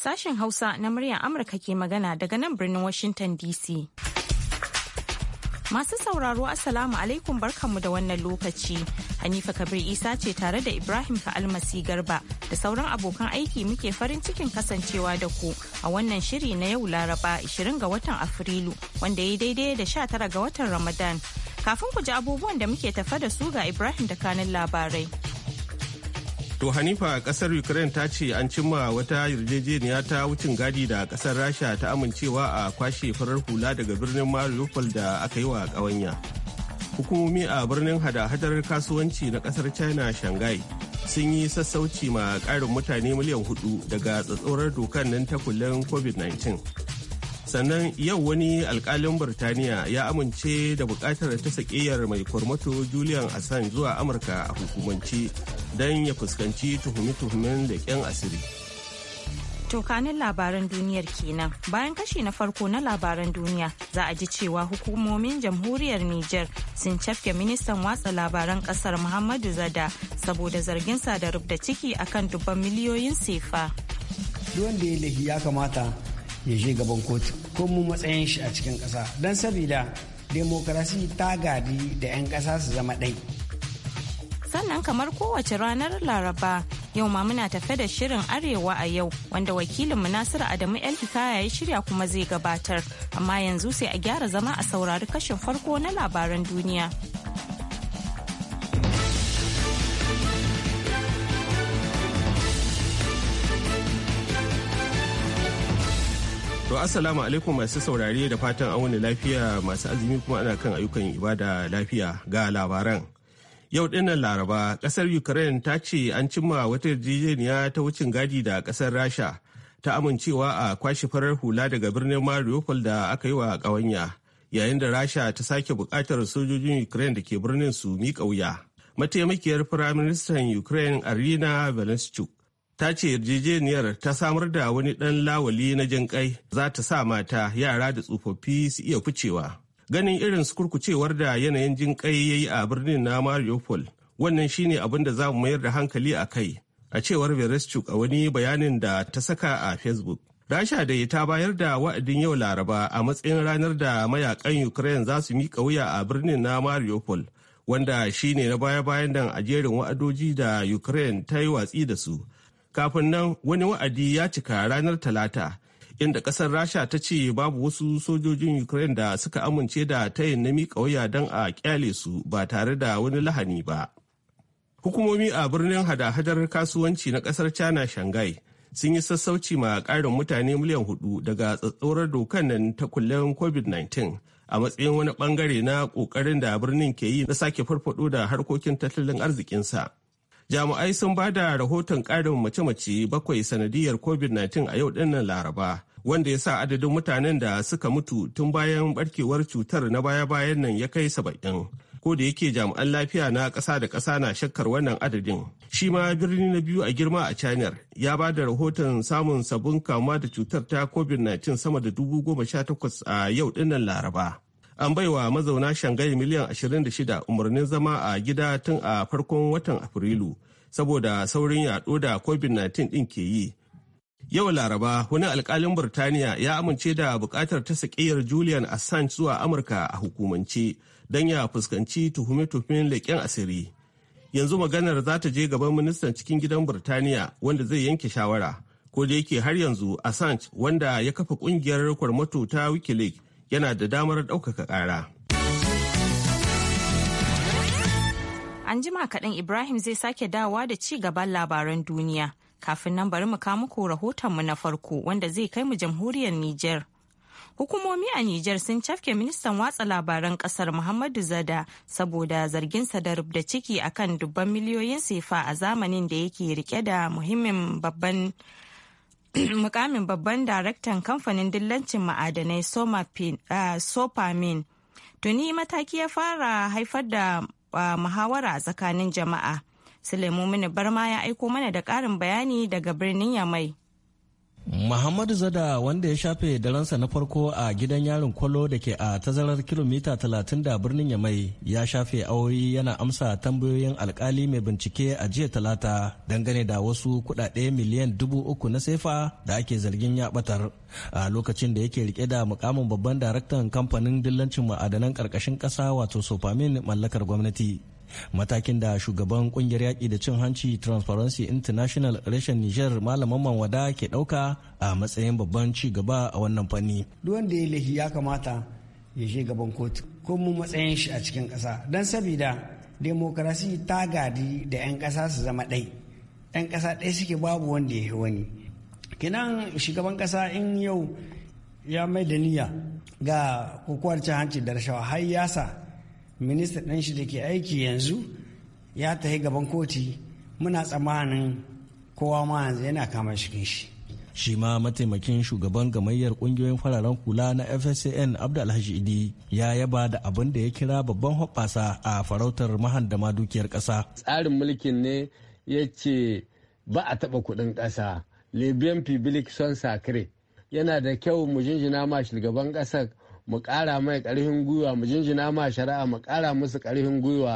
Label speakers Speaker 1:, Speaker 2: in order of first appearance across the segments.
Speaker 1: Sashen Hausa na muryar Amurka ke magana daga nan birnin Washington DC. Masu sauraro Assalamu alaikum barkanmu da wannan lokaci. Hanifa Kabir Isa ce tare da Ibrahim ka Almasi Garba da sauran abokan aiki muke farin cikin kasancewa da ku a wannan shiri na yau Laraba 20 ga watan Afrilu wanda ya daidai da 19 ga watan Ramadan. Kafin ku ji abubuwan da muke tafa da su ga Ibrahim da kanin labarai.
Speaker 2: To Hanifa kasar Ukraine ta ce an cimma wata yarjejeniya ta wucin gadi da kasar Rasha ta amincewa a kwashe farar hula daga birnin Mariupol da aka yi wa ƙawanya. Hukumomi a birnin hada-hadar kasuwanci na kasar China Shanghai sun yi sassauci ma ƙarin mutane miliyan hudu daga tsatsorar dokar nan ta kullun COVID-19. sannan yau wani alkalin burtaniya ya amince da bukatar ta sakiyar mai kwarmato julian assange zuwa amurka a hukumance don ya fuskanci tuhume-tuhumen leƙen asiri
Speaker 1: tokanin labaran duniyar kenan bayan kashi na farko na labaran duniya za a ji cewa hukumomin jamhuriyar niger sun cafke ministan watsa labaran kasar muhammadu zada saboda zarginsa da rubda ciki akan dubban miliyoyin sefa.
Speaker 3: duk wanda ya lahi ya kamata ya je gaban kotu ko mu matsayin shi a cikin ƙasa don sabida demokarasi ta gadi da 'yan ƙasa su zama ɗai
Speaker 1: sannan kamar kowace ranar laraba yau ma muna tafe da shirin arewa a yau wanda wakilinmu nasiru adamu elhikaya ya shirya kuma zai gabatar amma yanzu sai a gyara zama a saurari kashin farko na labaran duniya
Speaker 2: To assalamu alaikum masu saurari da fatan wani lafiya masu azumi kuma ana kan ayyukan ibada lafiya ga labaran. Yau dinnan Laraba kasar Ukraine ta ce an cimma wata yarjejeniya ta wucin gadi da kasar Rasha ta amincewa a kwashe farar hula daga birnin Mariupol da aka yi wa ƙawanya yayin da Rasha ta sake bukatar sojojin Ukraine da ke birnin su miƙa wuya. Mataimakiyar Firaministan Ukraine Arina Velenschuk ta ce yarjejeniyar ta samar da wani ɗan lawali na jinƙai za ta sa mata yara da tsofaffi su iya ficewa. Ganin irin su kurkucewar da yanayin jinƙai ya yi a birnin na Mariupol, wannan shine abin da za mu mayar da hankali a kai, a cewar Vereshchuk a wani bayanin da ta saka a Facebook. Rasha da ta bayar da wa'adin yau Laraba a matsayin ranar da mayakan Ukraine za su miƙa wuya a birnin na Mariupol, wanda shine na baya-bayan dan a wa'adoji da Ukraine ta yi watsi da su. kafin nan wani wa'adi ya cika ranar talata inda kasar rasha ta ce babu wasu sojojin ukraine da suka amince da tayin na miƙa waya don a kyale su ba tare da wani lahani ba hukumomi a birnin hada-hadar kasuwanci na kasar china shanghai sun yi sassauci ma ƙarin mutane miliyan hudu daga tsatsaurar dokan nan ta kullen covid-19 a matsayin wani bangare na ƙoƙarin da birnin ke yi na sake farfado da harkokin tattalin arzikinsa jami'ai sun ba da rahoton karin mace-mace bakwai sanadiyar covid-19 a yau dinnan laraba wanda ya sa adadin mutanen da suka mutu tun bayan barkewar cutar na baya-bayan nan ya kai saba'in ko da yake jami'an lafiya na ƙasa da ƙasa na shakkar wannan adadin shi ma birni na biyu a girma a china ya ba da rahoton samun sabon kamuwa da cutar ta covid-19 sama da dubu goma sha takwas a yau dinnan laraba an baiwa mazauna shangai miliyan 26 umarnin zama a gida tun a farkon watan afrilu saboda saurin yaɗo da covid-19 ɗin ke yi yau laraba wani alkalin burtaniya ya amince da bukatar ta sakiyar julian assange zuwa amurka a hukumance don ya fuskanci tuhume-tuhumen leƙen asiri yanzu maganar za ta je gaban ministan cikin gidan burtaniya wanda zai yanke shawara ko da yake har yanzu assange wanda ya kafa ƙungiyar kwarmato ta wikileaks yana da damar ɗaukaka ƙara.
Speaker 1: An jima kaɗan Ibrahim zai sake dawa da ci gaban labaran duniya. Kafin nan bari mu ko rahoton mu na farko wanda zai kai mu jamhuriyar Nijar. hukumomi a Nijar sun cafke ministan watsa labaran kasar Muhammadu Zada saboda zarginsa da rubda ciki akan dubban miliyoyin sefa a zamanin da yake rike da muhimmin babban mukamin babban daraktan kamfanin dillancin ma'adanai uh, sopamin tuni mataki ya fara haifar da uh, muhawara tsakanin jama'a sulaimu mini barma ya aiko mana da ƙarin bayani daga birnin yamai
Speaker 4: Muhammadu Zada wanda ya shafe daransa na farko a gidan yarin kwallo da ke a tazarar kilomita 30 da birnin Yamai ya shafe awoyi yana amsa tambayoyin alkali mai bincike a jiya talata dangane da wasu kudade miliyan dubu uku na sefa da ake zargin ya batar a lokacin da yake rike da mukamin babban daraktan kamfanin dillancin ma'adanan karkashin kasa wato sofamin mallakar gwamnati. matakin da shugaban kungiyar yaƙi da cin hanci transparency international reshen niger malaman manwada
Speaker 3: ke ɗauka a matsayin babban ci gaba a wannan fanni duk wanda ya lahi ya kamata ya je gaban kotu ko mu matsayin shi a cikin ƙasa don sabida demokarasi ta gadi da 'yan ƙasa su zama ɗai 'yan ƙasa ɗaya suke babu wanda ya wani kinan shugaban ƙasa in yau ya mai da niyya ga kokowar cin hanci da rashawa har yasa minista ɗan shi da ke aiki yanzu ya tahi gaban koti muna tsammanin kowa ma yanzu yana kama shi shi
Speaker 4: shi ma mataimakin shugaban gamayyar kungiyoyin fararen kula na fsan abdu idi ya yaba da abin da ya kira babban hoɓɓasa a farautar mahandama dukiyar
Speaker 2: ƙasa tsarin mulkin ne ya ce ba a taɓa kuɗin ƙasa libyan public son sacre yana da kyau mu jinjina ma shugaban ƙasar mu kara mai karfin gwiwa mu jinjina ma shari'a mu kara musu karfin gwiwa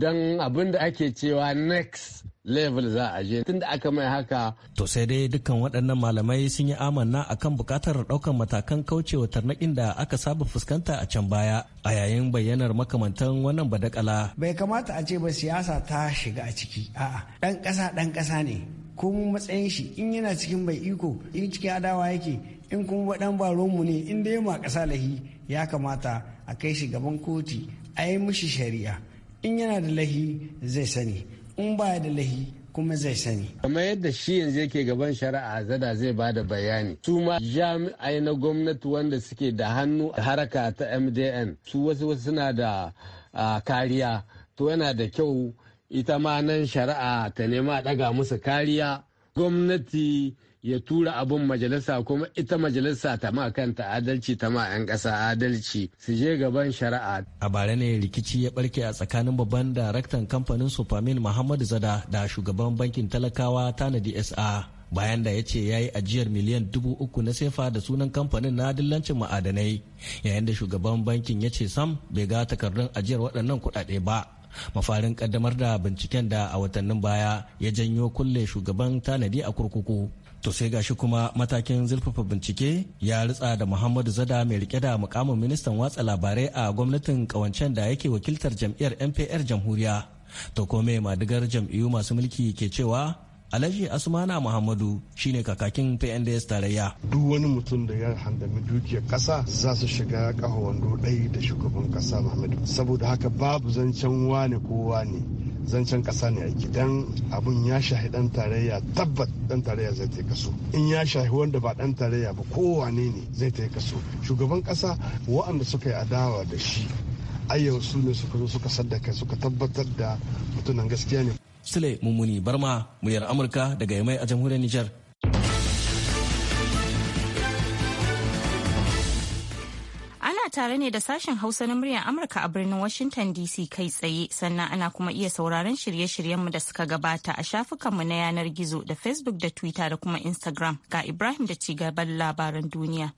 Speaker 2: don abin da ake cewa next level za a je tunda aka mai haka.
Speaker 4: To sai dai dukkan waɗannan malamai sun yi amanna a kan buƙatar ɗaukar matakan kaucewa tarnaƙin da aka saba fuskanta a can baya a yayin bayyanar makamantan wannan badakala.
Speaker 3: Bai kamata a ce ba siyasa ta shiga a ciki. A'a, ɗan ƙasa ɗan ƙasa ne. Ko matsayin shi in yana cikin bai iko in cikin adawa yake in kuma dan baronmu ne in dai ma ƙasa lahi ya kamata a kai shi gaban koti a yi mishi shari'a in yana da lahi zai sani in ba da lahi kuma zai sani.
Speaker 2: kamar yadda shi yanzu yake gaban shari'a zada zai ba da bayani su ma jami'ai na gwamnati wanda suke da hannu a haraka ta mdn su wasu wasu suna da kariya to yana da kyau ita ma nan shari'a ta nema daga musu kariya gwamnati ya tura abun majalisa kuma ita majalisa ta ma kanta adalci ta ma 'yan ƙasa adalci su je gaban shari'a.
Speaker 4: A bara ne rikici ya barke a tsakanin babban daraktan kamfanin Supamin Muhammadu Zada da shugaban bankin talakawa tanadi SA bayan da ya ce ya yi ajiyar miliyan dubu uku na sefa da sunan kamfanin na dillancin ma'adanai yayin da shugaban bankin ya ce sam bai ga takardun ajiyar waɗannan kuɗaɗe ba. mafarin kaddamar da binciken da a watannin baya ya janyo kulle shugaban tanadi a kurkuku to sai gashi kuma matakin zurfafa bincike ya ritsa da muhammadu zada mai rike da mukamin ministan watsa labarai a gwamnatin kawancen da yake wakiltar jam'iyyar npr jamhuriya to kome madigar jam'iyyu masu mulki ke cewa Alhaji Asmana Muhammadu shine kakakin PNDS tarayya.
Speaker 2: Duk wani mutum da ya handami dukiyar kasa za su shiga kahawan wando ɗaya da shugaban kasa Muhammadu. Saboda haka babu zancen wane ko wane zancen kasa ne aiki dan abun ya shahi dan tarayya tabbat dan tarayya zai ta kaso in ya shahi wanda ba dan tarayya ba kowane ne zai ta kaso shugaban kasa wa'anda suka yi adawa da shi ayyau su ne suka zo suka sadaka suka tabbatar da mutunan gaskiya ne
Speaker 4: Sule Mummuni Barma, muryar Amurka daga Yamai a jamhuriyar Nijar.
Speaker 1: Ana tare ne da sashen Hausa na muryar Amurka a birnin Washington DC kai tsaye sannan ana kuma iya sauraron shirye-shiryenmu da suka gabata a shafukanmu na yanar gizo da Facebook da Twitter da kuma Instagram ga Ibrahim da cigaban labaran duniya.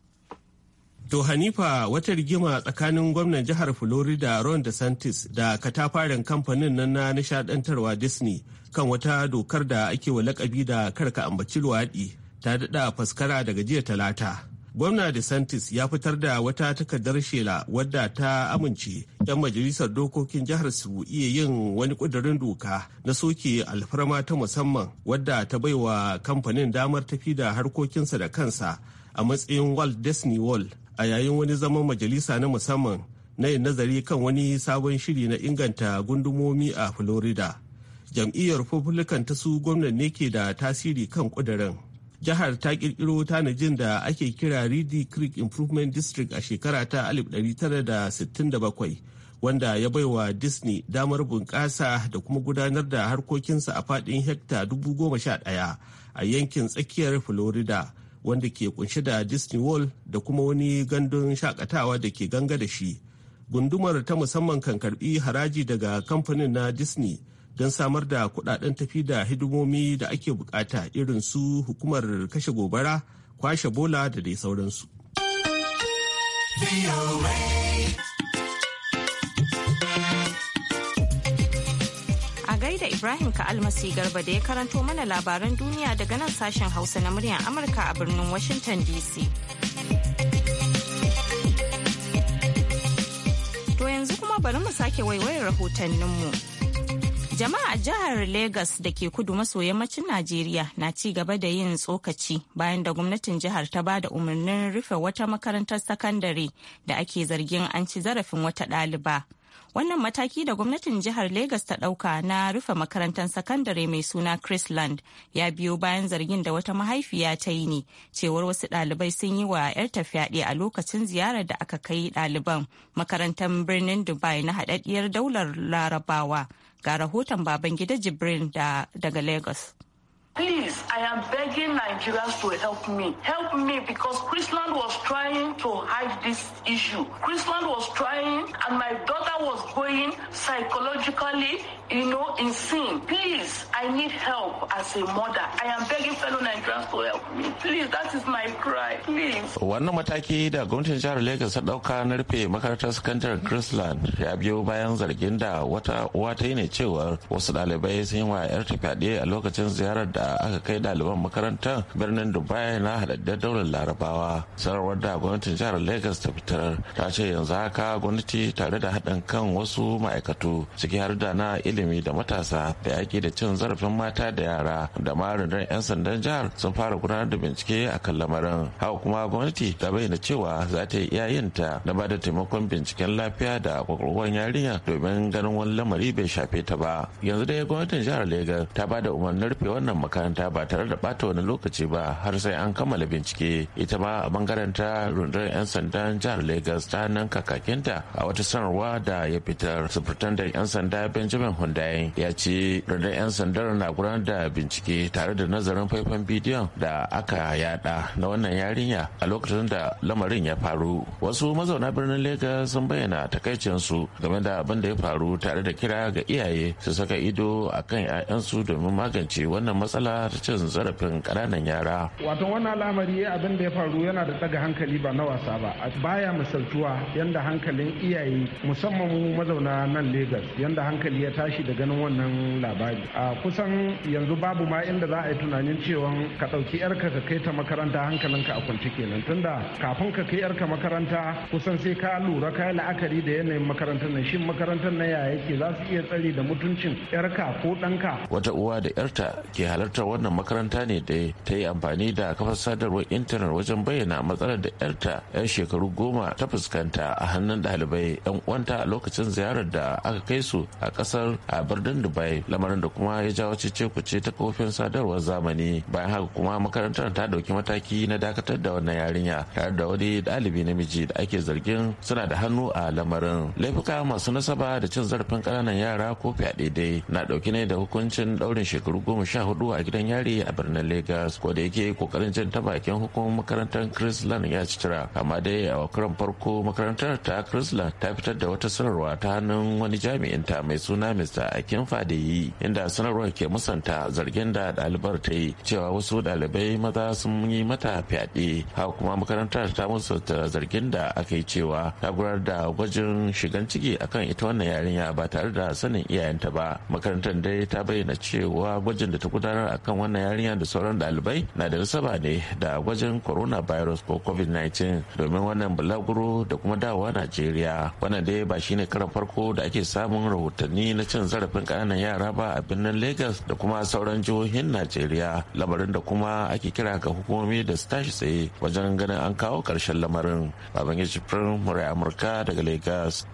Speaker 2: To Hanifa wata rigima tsakanin gwamnan jihar Florida Ron DeSantis da katafaren kamfanin nan na nishadantarwa Disney kan wata dokar da ake wa lakabi da karka ambaci luwaɗi ta dada faskara daga jiya talata. Gwamna DeSantis ya fitar da wata takardar shela wadda ta amince 'yan majalisar dokokin jihar su iya yin wani kudurin doka na soke alfarma ta musamman wadda ta baiwa kamfanin damar tafi da harkokinsa da kansa a matsayin Walt Disney World a yayin wani zaman majalisa na musamman na yin nazari kan wani sabon shiri na inganta gundumomi a florida jam'iyyar republican ta su gwamnan ne ke da tasiri kan kudirin jihar ta kirkiro tanajin da ake kira reedy creek improvement district a shekara ta 1967 wanda ya baiwa disney damar bunƙasa da kuma gudanar da harkokinsa a faɗin hekta 11,000 a yankin tsakiyar florida wanda ke kunshe da disney world da kuma wani gandun shakatawa da ke ganga da shi gundumar ta musamman kan karbi haraji daga kamfanin na disney don samar da kudaden tafi da hidimomi da ake bukata irin su hukumar kashe gobara kwashe bola da dai sauransu.
Speaker 1: Ibrahim Ka'almasi Garba da ya karanto mana labaran duniya daga nan sashen Hausa na muryar Amurka a birnin Washington DC. To yanzu kuma bari mu sake waiwayar rahotanninmu. Jama'a a jihar Legas da ke kudu maso yammacin Najeriya na ci gaba da yin tsokaci bayan da gwamnatin jihar ta ba da umarnin rufe wata makarantar sakandare da ake zargin an ci zarafin wata ɗaliba. wannan mataki da gwamnatin jihar Legas ta ɗauka na rufe makarantar sakandare mai suna Chrisland ya biyo bayan zargin da wata mahaifiya ta yi ne cewar wasu ɗalibai sun yi wa 'yar fyaɗe a lokacin ziyarar da aka kai ɗaliban makarantar birnin Dubai na haɗaɗɗiyar daular Larabawa ga rahoton Babangida gida Jibrin daga Legas.
Speaker 5: Please, I am begging Nigerians to help me. Help me because Chrisland was trying to hide this issue. Chrisland was trying and my daughter was going psychologically, you know, insane. Please, I need help as a mother. I am begging fellow Nigerians to help me. Please, that is my cry. Please.
Speaker 6: Wannan mataki da gwamnatin jihar Lagos ta dauka na rufe makarantar sakandaren Chrisland ya biyo bayan zargin da wata uwa ta yi ne cewar wasu ɗalibai sun yi wa 'yar fyaɗe a lokacin ziyarar da da aka kai ɗaliban makarantar birnin dubai na haɗaɗɗen daular larabawa sanarwar da gwamnatin jihar lagos ta fitar ta ce yanzu haka gwamnati tare da haɗin kan wasu ma'aikatu ciki har da na ilimi da matasa da yaƙi da cin zarafin mata da yara da ma rundunar 'yan sandan jihar sun fara gudanar da bincike a kan lamarin haka kuma gwamnati ta bayyana cewa za ta yi iyayenta na ba da taimakon binciken lafiya da kwakwalwar yarinya domin ganin wani lamari bai shafe ta ba yanzu dai gwamnatin jihar lagos ta ba da umarnin rufe wannan makaranta ba tare da bata wani lokaci ba har sai an kammala bincike ita ma a bangaren ta rundunar 'yan sandan jihar lagos ta nan kakakinta a wata sanarwa da ya fitar Sufurtandar 'yan sanda benjamin Hundaye ya ce rundunar 'yan sandar na gudanar da bincike tare da nazarin faifan bidiyon da aka yada na wannan yarinya a lokacin da lamarin ya faru wasu mazauna birnin lagos sun bayyana takaicin su game da abin da ya faru tare da kira ga iyaye su saka ido a kan 'ya'yansu domin magance wannan matsala matsala ta cin zarafin ƙananan yara. Wato
Speaker 2: wannan al'amari abin da ya faru yana da ɗaga hankali ba na wasa ba. a Baya misaltuwa yanda hankalin iyaye musamman mu mazauna nan Legas yanda hankali ya tashi da ganin wannan labari. A kusan yanzu babu ma inda za a yi tunanin cewa ka ɗauki yarka ka kai ta makaranta ka a kwance kenan tunda kafin ka kai yarka makaranta kusan sai ka lura ka yi la'akari da yanayin makarantar nan shin makarantar na yaya ke za su iya tsari da mutuncin yarka ko ɗanka.
Speaker 6: Wata uwa da yarta ke halar daraktar wannan makaranta ne da ta yi amfani da kafar sadarwar intanet wajen bayyana matsalar da yarta 'yan shekaru goma ta fuskanta a hannun ɗalibai 'yan uwanta lokacin ziyarar da aka kai su a kasar a birnin dubai lamarin da kuma ya jawo cece ta kofin sadarwar zamani bayan haka kuma makarantar ta ɗauki mataki na dakatar da wannan yarinya tare da wani ɗalibi namiji da ake zargin suna da hannu a lamarin laifuka masu nasaba da cin zarafin kananan yara ko fyaɗe dai na ɗauki ne da hukuncin ɗaurin shekaru goma sha hudu a gidan yari a birnin Legas ko da yake kokarin jin ta bakin hukumar makarantar Chrisland ya ci tura amma dai a wakaran farko makarantar ta Chrisland ta fitar da wata sanarwa ta hannun wani jami'in ta mai suna Mr. Akin Fadeyi inda sanarwar ke musanta zargin da ɗalibar ta yi cewa wasu ɗalibai maza sun yi mata fyaɗe haka kuma makarantar ta musanta zargin da aka yi cewa ta gudanar da gwajin shigan ciki akan ita wannan yarinya ba tare da sanin iyayenta ba makarantar dai ta bayyana cewa gwajin da ta gudanar akan wannan yarinya da sauran dalibai na da nasaba ne da gwajin virus ko covid-19 domin wannan bulaguro da kuma dawowa najeriya wannan dai ba shine karan farko da ake samun rahotanni na cin zarafin kananan yara ba a birnin lagos da kuma sauran jihohin najeriya lamarin da kuma ake kira ga hukumomi da su tashi tsaye wajen ganin an kawo karshen lamarin babangiji firin murai amurka daga lagos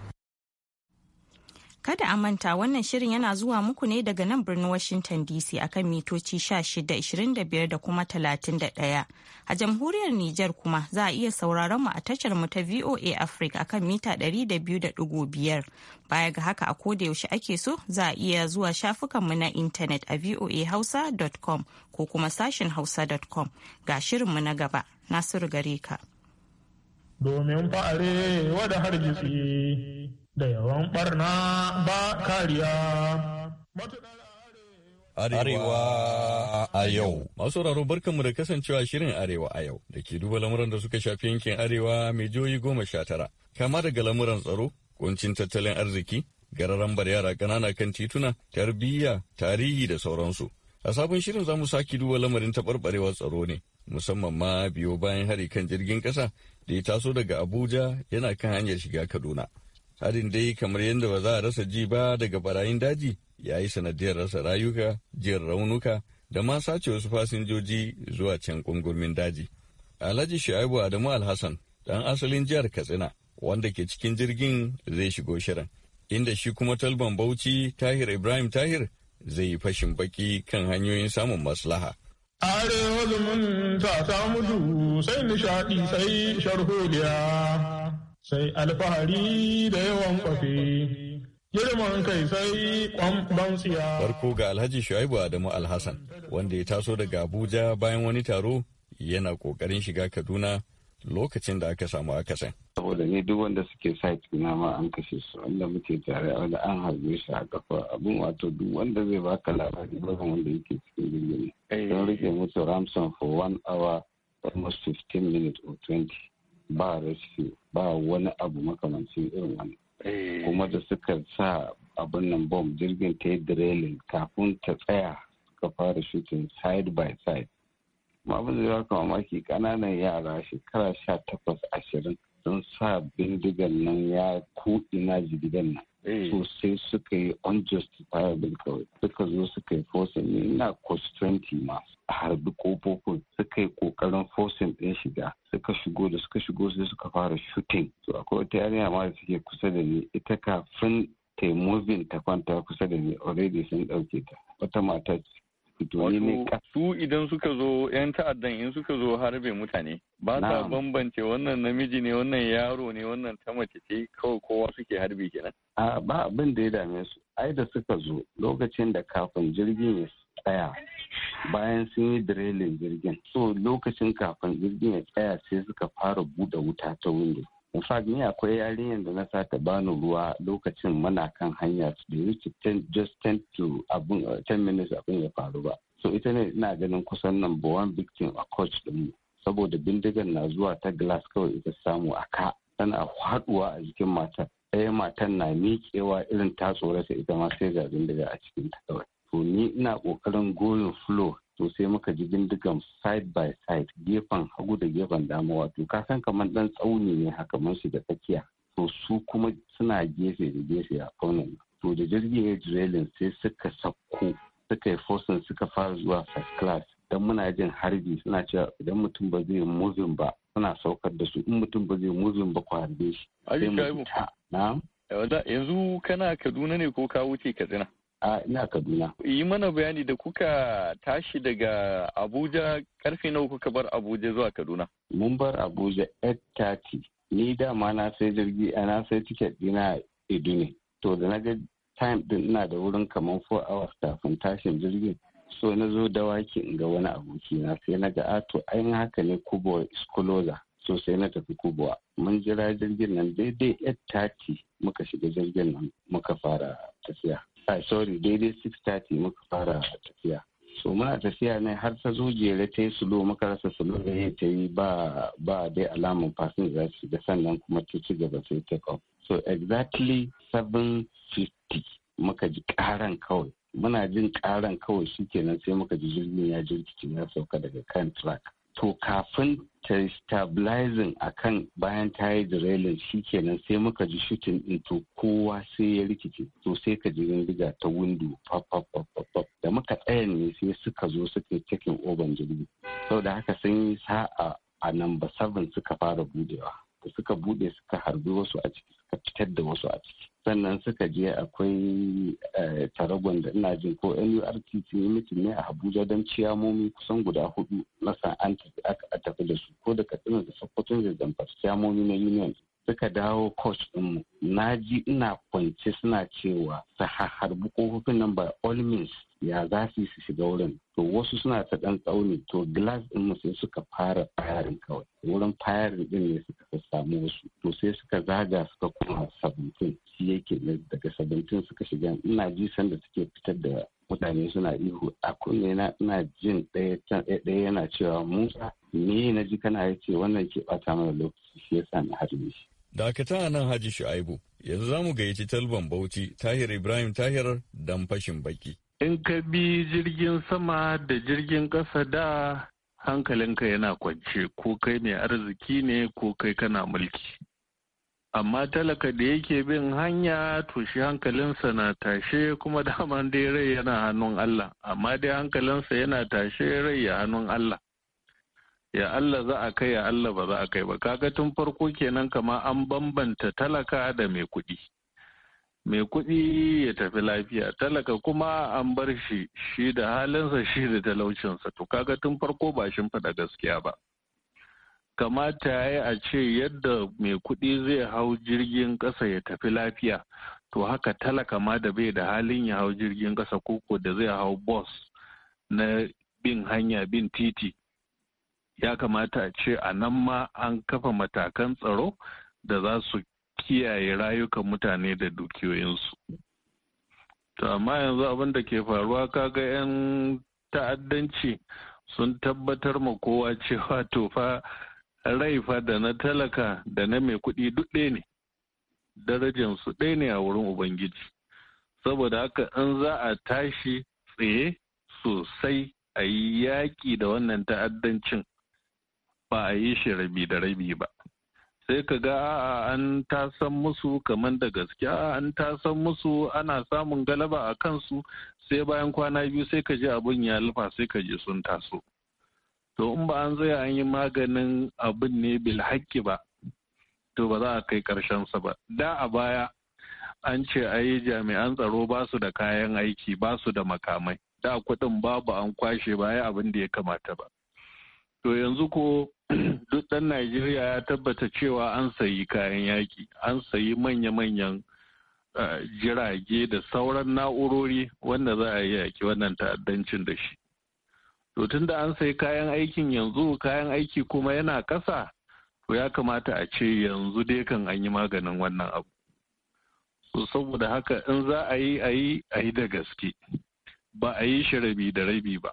Speaker 1: Kada a manta wannan shirin yana zuwa muku ne daga nan birnin Washington DC akan mitoci 1625 da kuma 31. A jamhuriyar Nijar kuma za a iya sauraron mu a tashar mu ta VOA Africa akan mita 200.5. Baya ga haka a koda yaushe ake so za a iya zuwa shafukan mu na intanet a voahausa.com ko kuma sashen hausa.com ga shirin mu na gaba. Nasiru gare ka.
Speaker 6: Domin fa'are wada hargitsi da yawan barna ba kariya.
Speaker 7: Arewa a yau. Masu raro barkanmu da kasancewa shirin Arewa a yau da ke duba lamuran da suka shafi yankin Arewa mai joyi goma sha tara. Kama daga lamuran tsaro, kuncin tattalin arziki, gararan bar yara ƙanana kan tituna, tarbiyya, tarihi da sauransu. A sabon shirin za mu sake duba lamarin taɓarɓarewar tsaro ne, musamman ma biyo bayan hari kan jirgin ƙasa da ya taso daga Abuja yana kan hanyar shiga Kaduna. harin dai kamar yadda ba za a rasa ji ba daga barayin daji ya yi sanadiyar rasa rayuka jiyar raunuka da ma sace wasu fasinjoji zuwa can kungurmin daji alhaji shu'aibu adamu alhassan dan asalin jihar katsina wanda ke cikin jirgin zai shigo shirin inda shi kuma talban bauchi tahir ibrahim tahir zai yi fashin baki kan hanyoyin samun maslaha
Speaker 6: arewa zumunta ta mudu sai nishadi sai sharhodiya. sai alfahari da yawan kwafi. Girman kai sai kwamban siya.
Speaker 7: Farko ga Alhaji Shu'aibu Adamu Alhassan, wanda ya taso daga Abuja bayan wani taro yana ƙoƙarin shiga Kaduna lokacin da aka samu akasin.
Speaker 8: Saboda ne duk wanda suke site na ma an kashe su wanda muke tare wanda an harbe shi a kafa abin wato duk wanda zai baka labari ba wanda yake cikin gini Don eh. rike mutu ramson for one hour almost 15 minutes or 20. ba rescue ba wani abu makamancin irin wani eh. kuma da suka sa abin nan bom jirgin ta yi drilling kafin ta tsaya suka fara shooting side by side ma abin zai baka mamaki kananan yara shekara sha takwas ashirin don sa bindigan nan ya ko ina jigidan nan eh. so sai suka yi unjustifiable kawai suka zo suka yi forcing ne ina constituency ma a harbi kofofin suka yi kokarin forcing din shiga suka shigo da suka shigo sai suka fara shooting to akwai wata yarinya ma da suke kusa da ni ita kafin ta yi moving ta kwanta kusa da ni already sun ɗauke ta wata mata
Speaker 7: su idan suka zo 'yan ta'addan in suka zo harbe mutane ba sa bambance wannan namiji ne wannan yaro ne wannan ta mace ce kawai kowa suke harbe kenan.
Speaker 8: A ba abin da ya dame su ai da suka zo lokacin da kafin jirgin ya tsaya bayan sun yi direlin jirgin so lokacin kafin jirgin ya tsaya sai suka fara buɗe wuta ta windo. in fact ni akwai yarinyar da na sa ta bani ruwa lokacin mana kan hanya da wuce just 10 to abun 10 minutes abun ya faru ba so ita ne ina ganin kusan number one victim a coach din saboda bindigar na zuwa ta glass kawai ita samu a ka tana haduwa a jikin matar ɗaya matan na miƙewa irin ta tsorata ita ma sai ga bindiga a cikin ta kawai to ni ina kokarin goyon flow to sai muka ji bindigan side by side gefen hagu da gefen dama wato ka san kamar dan tsauni ne haka shi da tsakiya to su kuma suna gefe da gefe a faunin to da jirgin ya jirelin sai suka sakko suka yi fosin suka fara zuwa first class dan muna jin harbi suna cewa idan mutum
Speaker 7: ba zai muzin ba suna saukar da su in mutum ba zai muzin ba ku harbe shi sai mu eh, yanzu kana kaduna ne ko ka wuce katsina a ina kaduna yi mana bayani da kuka tashi daga abuja karfe nawa kuka bar abuja zuwa kaduna
Speaker 8: mun bar abuja 8:30 ni dama na sai jirgi ana sai tiket dina idu ne to da na ga time din ina da wurin kamar 4 hours kafin tashin jirgin so na zo dawaki in ga wani aboki na sai na ga ato ainihin haka ne kubo iskoloza so sai na tafi kubuwa mun jira jirgin nan daidai 8:30 muka shiga jirgin nan muka fara tafiya a sorry daidai 6:30 muka fara tafiya so muna tafiya ne har ta zo jere ta yi sulo muka rasa sulo da ya ta yi ba dai alamun fasin za su da sannan kuma ta ci gaba sai take off so exactly 7:50 muka ji karan kawai muna jin karan kawai shikenan sai muka ji jirgin ya jirgin ya sauka daga kan track to kafin ta stabilizing a kan bayan ta yi shi kenan sai muka ji shutin din to kowa sai ya rikice to sai ka ji riga ta windo papapapapap da muka tsaya ne sai suka zo suka cikin oban jirgi saboda haka sun yi sa'a a namba 7 suka fara budewa da suka bude suka harbi wasu a ciki suka fitar da wasu a ciki sannan suka je akwai eh, taragon da ina jin ko nurtc mitin ne a abuja don ciyamomi kusan guda hudu na sa'anta aka tafi da su ko da katsina da sokoto da zamfar ciyamomi na union suka dawo coach mu na ji ina kwance suna cewa su harbi kofofin nan ba all means ya za su su shiga wurin to wasu suna ta dan tsauni to glass din mu sai suka fara firing kawai wurin firing din ne suka samu wasu to sai suka zaga suka kuma 17 shi yake daga 17 suka shiga ina ji sanda suke fitar da mutane suna ihu a kunne na ina jin ɗaya yana cewa musa me na ji kana ya ce wannan ke bata mana lokaci shi yasa na harbe shi
Speaker 7: dakata nan haji shu'aibu yanzu zamu gayyaci talban bauchi tahir ibrahim tahir dan fashin baki in
Speaker 9: ka bi jirgin sama da jirgin ƙasa da hankalinka yana kwance ko kai mai arziki ne ko kai kana mulki amma talaka da yake bin hanya to shi hankalinsa na tashe kuma daman dai rai yana hannun Allah amma dai hankalinsa yana tashe rai ya hannun Allah ya Allah za a kai ya Allah ba za a kai ba kaga tun farko kenan kama an bambanta talaka da mai kuɗi mai kuɗi ya tafi lafiya talaka kuma an bar shi shi da halinsa shi da talaucinsa to kaga tun farko ba shi faɗa gaskiya ba kamata ya yi a ce yadda mai kuɗi zai hau jirgin ƙasa ya tafi lafiya to haka talaka ma da bai da halin ya hau jirgin ƙasa koko da zai hau bus na bin hanya bin titi ya kamata a ce a nan ma an kafa matakan tsaro da za su kiyaye rayukan mutane da dukiyoyinsu. To amma yanzu abin da ke faruwa kaga 'yan ta'addanci sun tabbatar ma kowa cewa tofa fa da na talaka da na mai kuɗi duk ɗaya ne. Darajansu ɗaya ne a wurin Ubangiji. Saboda haka in za a tashi tsaye sosai a yi yaƙi da wannan ta'addancin ba a yi shi rabi da rabi ba. sai ka ga an ta san musu kamar da gaskiya an ta san musu ana samun galaba a kansu sai bayan kwana biyu sai ka ji abin ya lufa sai ka ji sun taso to in ba an zai an yi maganin abin ne haƙƙi ba to ba za a kai sa ba da a baya an ce a yi jami'an tsaro ba su da kayan aiki ba su da makamai da kuɗin babu an kwashe ba ya abin da ya kamata ba to yanzu ko duk ɗan Najeriya ya tabbata cewa an sayi kayan yaƙi, an sayi manya-manyan uh, jirage da sauran na'urori wanda za a yi yaƙi wannan ta'addancin da shi. To tun da an sayi kayan aikin yanzu kayan aiki kuma yana ƙasa, to ya kamata a ce yanzu dai kan an yi maganin wannan abu. So saboda haka in za a yi a yi a yi da gaske, ba a yi shi rabi da rabi ba.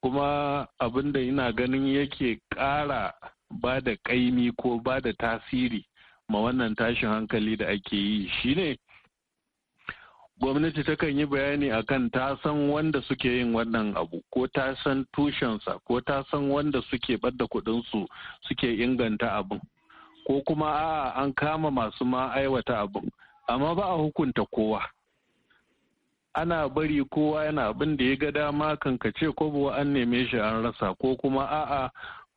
Speaker 9: kuma abin da ina ganin yake ƙara ba da ƙaimi ko ba da tasiri ma wannan tashin hankali da ake yi shine gwamnati takan yi bayani akan ta san wanda suke yin wannan abu ko ta san tushensa ko ta san wanda suke ɓadda kuɗinsu suke inganta abin ko kuma a'a an kama masu ma'aiwata aiwata abin amma ba a hukunta kowa ana bari kowa yana abin da ya ga dama kankace ko an neme shi an rasa ko kuma a'a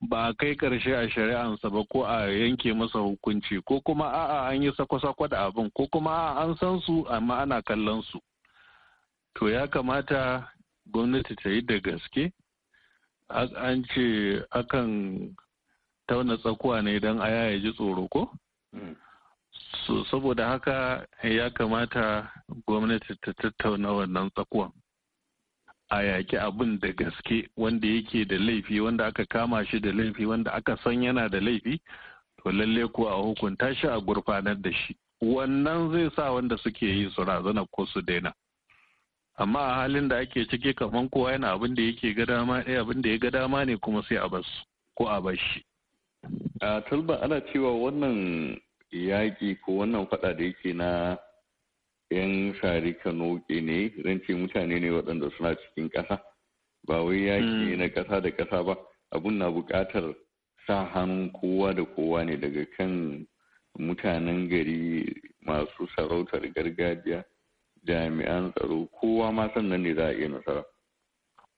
Speaker 9: ba a kai karshe a shari'ansa ba ko a yanke masa hukunci ko kuma a'a an yi sako da abin ko kuma a'a an san su amma ana kallon su to ya kamata gwamnati ta yi da gaske an ce akan tauna tsakuwa ne don aya ya ji tsoro ko mm. So saboda haka ya kamata gwamnati ta tattauna wannan tsakuwa A yaƙi abin da gaske wanda yake da laifi wanda aka kama shi da laifi wanda aka san yana da laifi to lalle ko a hukunta shi a gurfanar da shi. Wannan zai sa wanda suke yi su razana ko su daina. Amma a halin da ake ciki kaman kowa yana abin da yake ga dama ɗaya eh, abin da ya ga dama ne kuma sai a basu
Speaker 7: ko a bashi. A tulba ana cewa wannan yaƙi ko wannan faɗa da yake na 'yan shari kano ne zan mutane ne waɗanda suna cikin ƙasa ba wai yaƙi hmm. na ƙasa da ƙasa ba abun na buƙatar sa hannun kowa da kowa ne daga kan mutanen gari masu sarautar gargajiya jami'an tsaro kowa ma sannan ne za a iya nasara.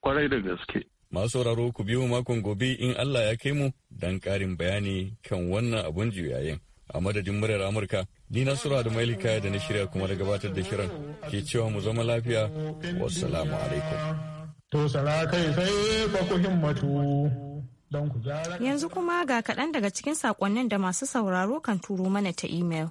Speaker 7: Kwarai da gaske. Masu sauraro ku biyu makon gobe in Allah ya kai mu don ƙarin bayani kan wannan abun juyayen. a madadin muryar amurka ni nasura da mailika da na shirya kuma da gabatar da shirin ke cewa mu zama lafiya wasu alaikum
Speaker 9: to sai
Speaker 5: yanzu
Speaker 1: kuma ga kaɗan daga cikin saƙonnin da masu sauraro kan turo mana ta imel.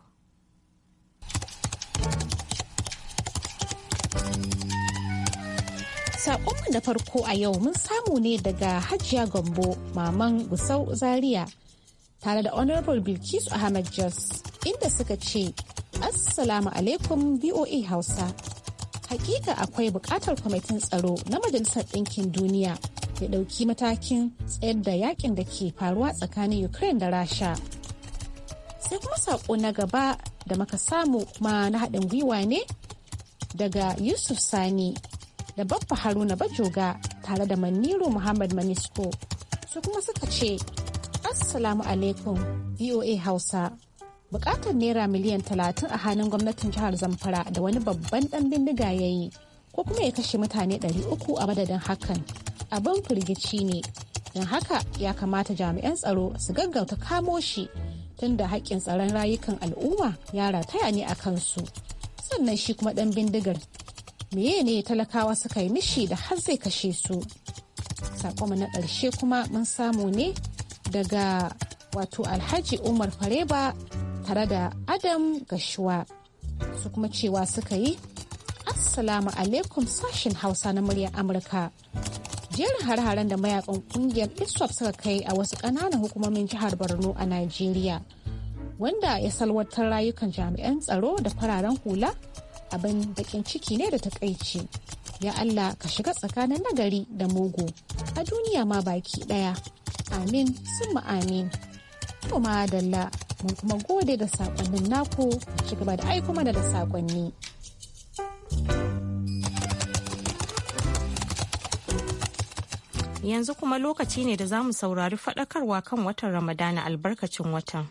Speaker 10: saƙonmu da farko a yau mun samu ne daga Hajiya Gombo, Maman Gusau Zaria, tare da Honorable Bilkisu Ahmad Jos inda suka ce, Assalamu alaikum BOA Hausa. Hakika akwai buƙatar kwamitin tsaro na Majalisar Ɗinkin Duniya ya ɗauki matakin tsayar da yakin da ke faruwa tsakanin Ukraine da Rasha. Sai kuma saƙo na gaba da muka samu kuma na haɗin gwiwa ne daga Yusuf Sani da babba Haruna Bajoga tare da Maniru Muhammad Manisko. Su kuma suka ce Assalamu alaikum VOA Hausa. Bukatar Naira miliyan talatin a hannun gwamnatin jihar Zamfara da wani babban dan bindiga ya yi, ko kuma ya kashe mutane uku a madadin hakan. Abin firgici ne, don haka ya kamata jami'an tsaro su gaggauta kamo shi tunda haƙƙin tsaron rayukan al'umma ya rataya ne a kansu. Sannan shi kuma dan bindigar, meye ne talakawa suka yi mishi da har zai kashe su. Sako na ƙarshe kuma mun samu ne daga wato alhaji umar fareba tare da adam gashuwa su kuma cewa suka yi assalamu alaikum sashen hausa na muryar amurka jerin har-haren da mayakan kungiyar iswap suka kai a wasu kananan hukumomin jihar borno a nigeria wanda ya salwantar rayukan jami'an tsaro da fararen hula abin bakin ciki ne da takaici ya Allah ka shiga tsakanin nagari da mugu a duniya ma baki ɗaya. Amin sun amin. kuma dalla mun kuma gode da sakonnin naku ci gaba da aiko mana da sakonni.
Speaker 1: Yanzu kuma lokaci ne da za mu saurari faɗakarwa kan watan Ramadana albarkacin watan.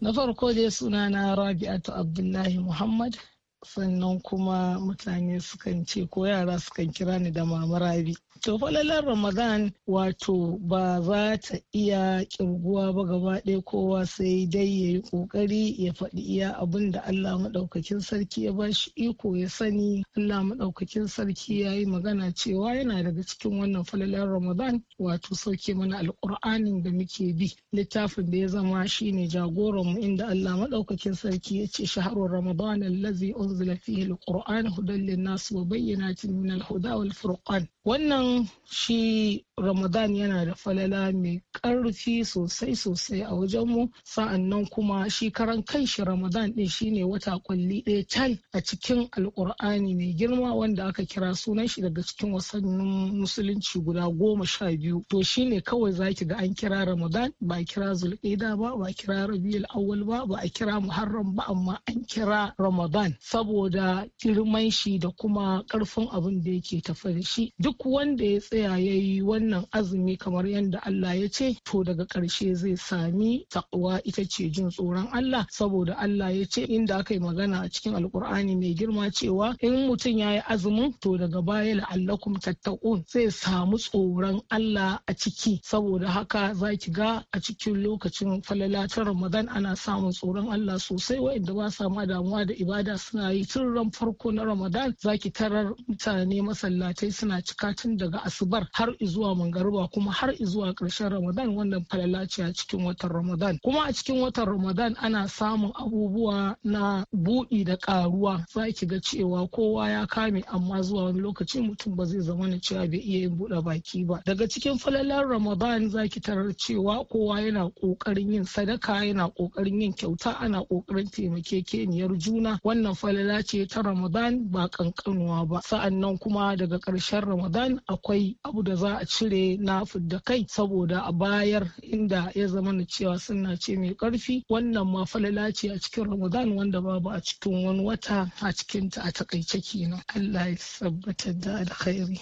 Speaker 5: Na farko dai sunana Rabi'atu Abdullahi Muhammad sannan kuma mutane sukan ce ko yara sukan kira ni da mama rabi to falalar ramadan wato ba za ta iya kirguwa ba gaba ɗaya kowa sai dai ya yi ƙoƙari ya faɗi iya abin da allah maɗaukakin sarki ya bashi iko ya sani allah maɗaukakin sarki ya yi magana cewa yana daga cikin wannan falalar ramadan wato sauke mana alƙur'anin da muke bi littafin da ya zama shine jagoranmu inda allah maɗaukakin sarki ya ce shaharar ramadan allazi أنزل فيه القرآن هدى للناس وبينات من الهدى والفرقان wannan shi ramadan yana da falala mai ƙarfi sosai sosai a wajenmu sa'annan kuma shi karan kanshi ramadan ɗin shine wata kwalli ɗaya can a cikin alƙur'ani mai girma wanda aka kira sunan shi daga cikin wasannin musulunci guda goma sha biyu to shine kawai za ki ga an kira ramadan ba a kira zulƙida ba ba a kira rabiul awwal ba ba a kira muharram ba amma an kira ramadan saboda girman shi da kuma ƙarfin abin da yake tafa da shi duk duk wanda ya tsaya ya yi wannan azumi kamar yadda Allah ya ce to daga ƙarshe zai sami takwa ita ce jin tsoron Allah saboda Allah ya ce inda aka yi magana a cikin alkur'ani mai girma cewa in mutum ya yi azumin to daga baya la'allakum tattaqun zai samu tsoron Allah a ciki saboda haka za ki ga a cikin lokacin falala ta Ramadan ana samun tsoron Allah sosai waɗanda ba sa ma damuwa da ibada suna yi tun ran farko na Ramadan zaki tarar mutane masallatai suna cika katin daga asubar har zuwa mangariba kuma har zuwa ƙarshen ramadan wannan falala ce a cikin watan ramadan kuma a cikin watan ramadan ana samun abubuwa na buɗi da ƙaruwa za ki ga cewa kowa ya kame amma zuwa wani lokaci mutum ba zai zama na cewa bai iya yin buɗe baki ba daga cikin falalar ramadan za ki tarar cewa kowa yana ƙoƙarin yin sadaka yana ƙoƙarin yin kyauta ana ƙoƙarin taimakekeniyar juna wannan falala ce ta ramadan ba ƙanƙanuwa ba sa'annan kuma daga ƙarshen ramadan Jordan akwai abu da za a cire na fidda kai saboda a bayar inda ya zama na cewa suna ce mai karfi wannan ma falala ce a cikin ramadan wanda babu a cikin wani wata a cikinta a takaice kenan allah ya tabbatar da alkhairi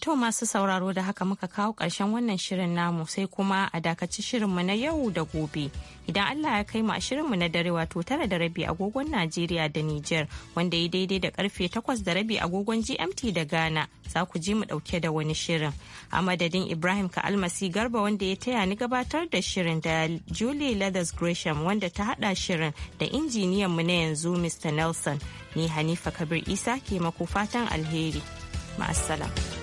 Speaker 1: To masu sauraro da haka muka kawo ƙarshen wannan shirin namu sai kuma a dakaci shirinmu na yau da gobe. Idan Allah ya kai mu a shirinmu na dare wato tara da rabi agogon Najeriya da Nijar wanda ya daidai da karfe takwas da rabi agogon GMT da Ghana za ku ji mu ɗauke da wani shirin. A madadin Ibrahim almasi Garba wanda ya taya ni gabatar da shirin da Julie Leathers Gresham wanda ta haɗa shirin da injiniyan mu na yanzu Mr. Nelson. Ni Hanifa Kabir Isa ke mako fatan alheri. Ma'assalam.